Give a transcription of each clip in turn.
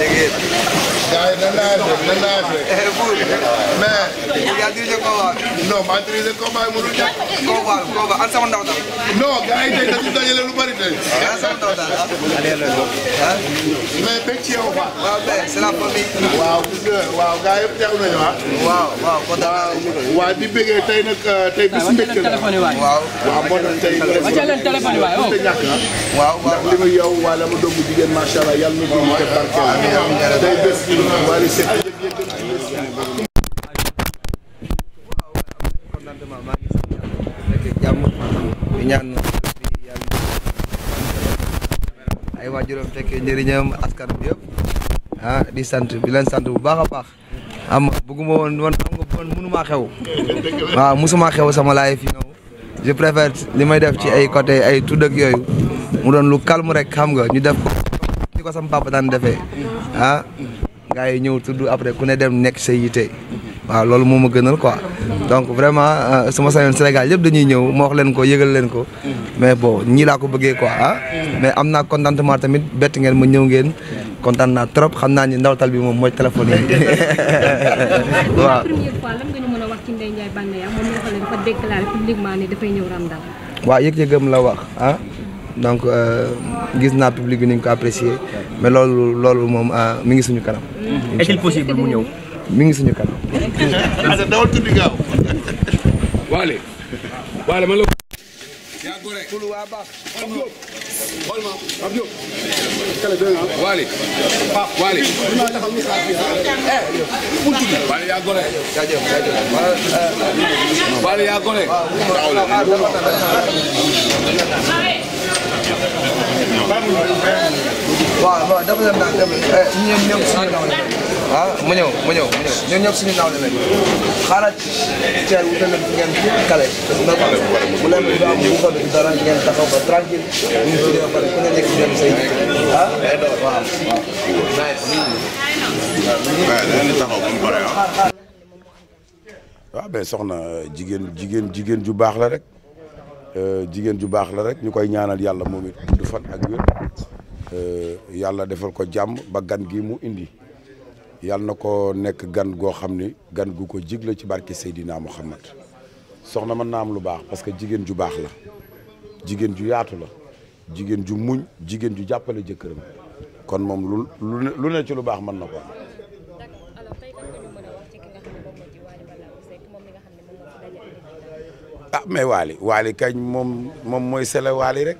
लेंगे Guys, nandaafe nandaafe. mais. yaa dirigé Koba. non maa dirigé Koba yi mënul ñàkk. Koba Koba an sama ndaw daal. non gars yi tey dañu dajale lu bari tey. an sama ndaw daal ah. mais bëgg ci yow quoi. waaw mais c'est la famille. waaw waaw gars yëpp teew nañu ah. waaw waaw kontaan naa waaw di bëggee tey nag tey bis mbégte la. waaw waaw moo tax tey. waaw waaw ndax li mu yow wala mu doomu jigéen macha allah yàlla na ko barkeel tey bés bi Wally Seck ñaan ay waajuram fekkee njëriñam askan bi yëpp ah di sant di leen sant bu baax a baax am bëgguma woon woon xam nga woon mënumaa xew waaw ah, mësumaa xew sama laay fii ñëw je préfère li may def ci ay côté ay tudd ak yooyu mu doon lu kalmu rek xam nga ñu def ko ni ko sama daan defee ah gars yi ñëw tudd après ku ne dem nekk sa yite waaw loolu moom ma gënal quoi donc vraiment euh, sama sañoon Sénégal yëpp dañuy ñëw ma wax leen ko yëgal leen ko mais bon ñii laa ko bëggee ko ah mais am naa contentement tamit bett ngeen ma ñëw ngeen kontaan naa trop xam naa ni ndawtal bi moom mooy téléphone yi waaw waaw yëg-yëgam la wax ah. donc euh, gis naa public bi ni ñu ko apprécier mais loolu moom euh, mi ngi suñu kanam. est-il possible mu ñëw. mi ngi suñu kanam. waaw waaw dafa leen daal dem eh, ñun ñëpp suñu naaw la ah mu ñëw mu ñëw mu ñëw ñun ñëpp suñu naaw la lañu xaaral ceeb wutal na ngeen kale ndax bu leen du am bu ko dara ngeen taxaw ba tranquille ñu tuddee ba pare ku ne nekk dem say ah waaw waaw. waaw mais soxna jigéen jigéen jigéen ju baax la rek. Euh, jigéen ju baax la rek ñu koy ñaanal yàlla moom it du fan ak wér euh, yàlla defal ko jàmm ba gan gi mu indi yàlla na ko nekk gan goo xam ni gan gu ko jig la ci barke Seydina Muhammad soxna mën naa am lu baax parce que jigéen ju baax la jigéen ju yaatu la jigéen ju muñ jigéen ju jàppale jëkkëram kon moom lu lu ci lu baax mën na ko ah mais Waly Waly kañ moom moom mooy sele Waly rek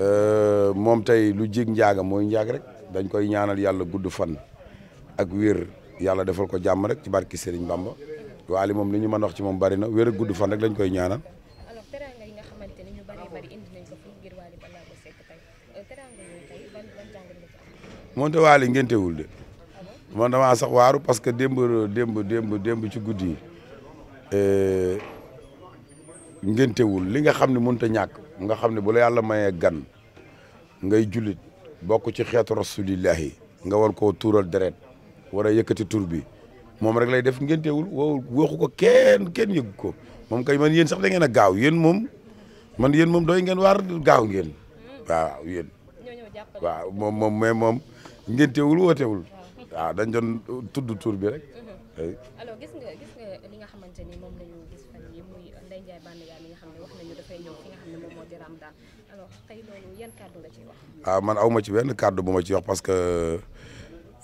euh, moom tey lu jig njaaga mooy njaag rek dañ koy ñaanal yàlla gudd fan ak wér yàlla defal ko jàmm rek ci barki Serigne Bamba Waly moom li ñu mën wax ci moom bari na wér ak gudd fan rek lañ koy ñaanal. Euh, moonte Waly ngéntewul de ah man damaa sax waaru parce que démb démb démb ci guddi yi euh, ngéntewul li nga xam ne mënut a ñàkk nga xam ne bu la yàlla mayee gan ngay jullit bokk ci xeetu rasulillahi nga war koo tuural deret war a yëkkati tur bi moom rek lay def ngéntewul woo waxu ko kenn kenn yëgu ko moom kay man yéen sax da ngeen a gaaw yéen moom man yéen moom doy ngeen waar gaaw ngeen waaw yéen waaw moom moom mais moom ngéntewul wootewul waaw dañ doon tudd tur bi rek mm-hmm. alors Ndeye Ndiaye Bandiaye ah man awma ci wenn kàddu bu ma ci wax parce que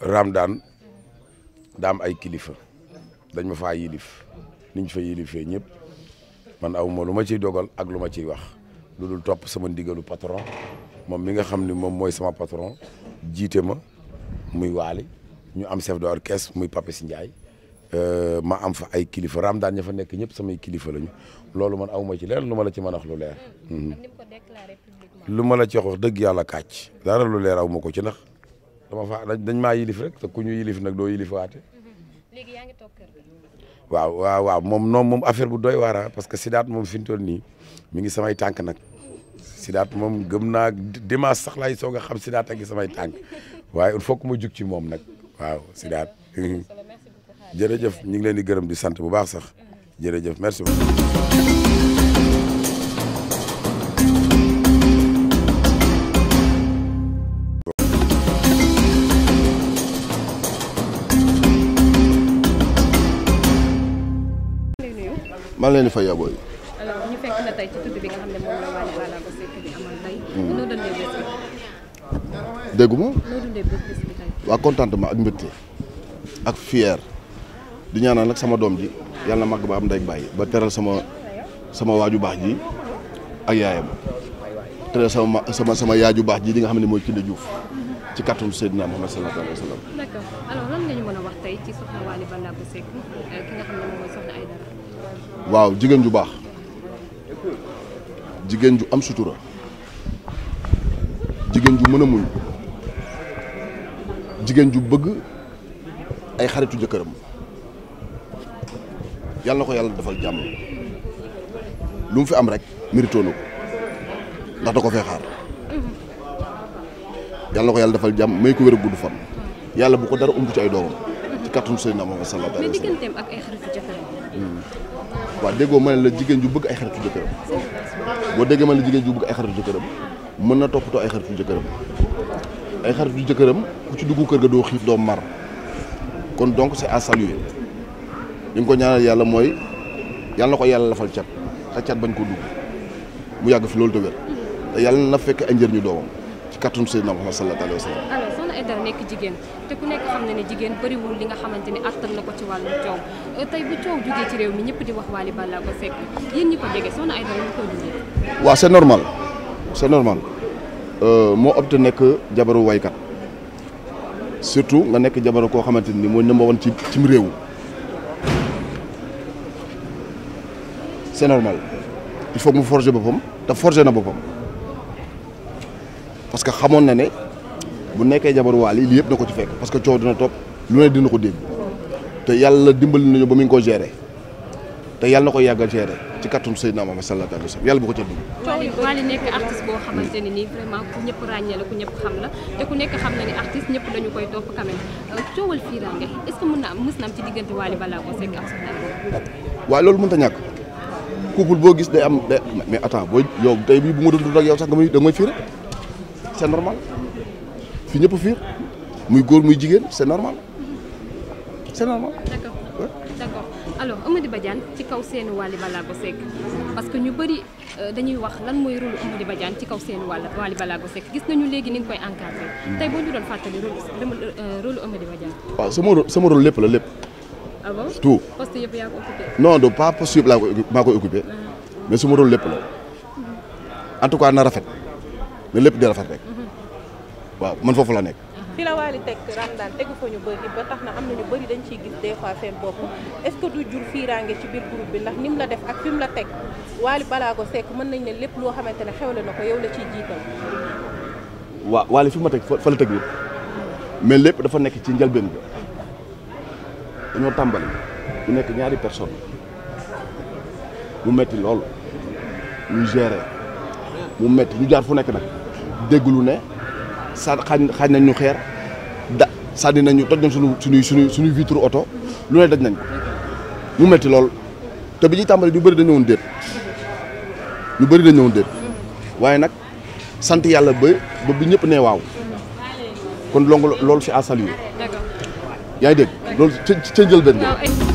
Ramadan daa am ay kilifa dañ ma faa yilif niñ fa yilifee ñëpp man awma lu ma ciy dogal ak lu ma ciy wax lu dul topp sama ndigalu patron moom mi nga xam ni moom mooy sama patron jiite ma muy waali ñu am chef d'orchestre muy Pape Si Ndiaye Euh, ma am fa ay kilifa raam daan ña fa nekk ñëpp samay kilifa lañu loolu man awma ci leer lu la ci mën a wax lu leer. Mm. Mm-hmm. lu ma la ci wax dëgg yàlla kàcc. dara lu leer aw ma ko ci nax dama fa dañ ma yilif rek te ku ñu yilif nag doo yilif waate. Mm-hmm. waaw moom noonu moom affaire bu doy waar ah, parce que Sidaat moom fi mu toll nii mi ngi samay tànk nag Sidaat moom gëm naa dimanche sax laay soog a xam Sidaat a ngi samay tànk waaye il faut ma jug ci moom nag waaw Sidaat. jërëjëf ñu ngi leen di gërëm di sant bu baax sax jërëjëf merci beaucoup. maa ngi leen di fay yaboo yi. alors ñu fekk ma. ak mbégte ak fier di ñaanal nag sama doom ji yàlla na màgg ba am ndey bàyyi ba teral sama sama waaju baax ji ak yaayam teral sama sama sama yaaju baax ji di nga xam ne mooy Kinde Diouf ci kàttanu Seydina Muhammad sallallahu alayhi wa sallam. d'accord ci soxna Waly Ballago Seck euh, ki nga xam waaw jigéen ju baax jigéen ju am sutura jigéen ju mën a muñ jigéen ju bëgg ay xaritu jëkkëram. yàlla na ko yàlla defal jàmm lu mu fi am rek mérito na ko ndax da ko fee mhm. yàlla na ko yàlla defal jàmm may ko wér gudd fan yàlla bu ko dara umb ci ay doomam ci kàttanu Seydina Muhammad sallallahu alayhi wa sallam. mais digganteem ak hmm. déggoo ma ne la jigéen ju bëgg ay xaritu jëkkëram boo déggee ma ne la jigéen ju bëgg ay xaritu jëkkëram mën na toppatoo ay xaritu jëkkëram ay xaritu jëkkëram ku ci duggu kër ga doo xiif doo mar kon donc c'est à ñu ko ñaanal yàlla mooy yàlla ko yàlla lafal cat te cat yàgg fi loolu te na fekk ay njëriñu doomam ci kàttanu Seydina Muhammad sallallahu alayhi wa sallam. li nga xamante ni attan na ko ci wàllu coow euh, tey bu coow jugee ci réew mi ñëpp di wax Wally Ballago Seck yéen ñi ko jege Soxna Aïdara ñu ko jugee. waaw c'est normal c'est normal euh, moo opté nekk jabaru waykat surtout nga nekk jabaru koo xamante ni mooy number one ci cim réew. c'est normal il faut mu forger boppam te forger na boppam parce que xamoon na ne bu nekkee jabar Wally lii yëpp na ko ci fekk parce que coow dina topp lu ne dina ko dégg te yàlla dimbali nañu ba mu ngi ko gérer te yàlla na ko yàgg a ci kàttanu Seydina Muhammad sallallahu alayhi wa sallam euh, na am mës na am ci diggante waaye loolu mënut ñàkk. couple boo gis day am day mais attends booy yow tey bu ma doon dund ak yow sax nga may da nga may fiir c'est normal fi ñëpp fiir muy góor muy jigéen c'est normal c'est normal. d'accord d'accord alors Amady Badiane ci kaw seen Wally Ballago Seck parce que ñu bëri euh, dañuy wax lan mooy rôle Amady Badiane ci kaw seen wàll Wally Ballago Seck gis nañu léegi ni nga koy encadré. tey boo ñu doon fàttali rôle euh, rôle Amady Badiane. waaw sama rôle sama rôle lépp la lépp. ah bon tout poste yëpp yëpp laa ko maa koy occupé ah. mais su ma rôle lépp la en tout cas na rafet na lépp di rafet rek ah. waaw man foofu la nekk. Ah. fi la teg Ramadane tegu fa ñu bëri ba tax na am na ñu bëri dañ ciy gis des fois seen bopp est du jur fiiraange ci biir groupe bi ndax ni la def ak fi la teg Wally Ballago Seck mën nañ ne lépp loo xamante ne xewle na ko yow la ciy jiital. waaw Wally fi ma teg fa la teg mais lépp dafa nekk ci njëlbeen bi. dañoo tàmbali ñu nekk ñaari personne mu metti lool ñu géré mu metti ñu jaar fu nekk nag dégglu ne sa xaañ xaañ nañ ñu xeer da sànni nañ ñu toj nañ suñu suñuy suñuy vitre oto lu ne daj nañ mu metti lool te bi ñuy tàmbali ñu bëri dañu woon déet ñu bëri dañu woon waaye nag sant yàlla ba ba bi ñëpp ne waaw kon longu loolu fi à saluer yaa ngi dégg loolu ca ca njëlbeen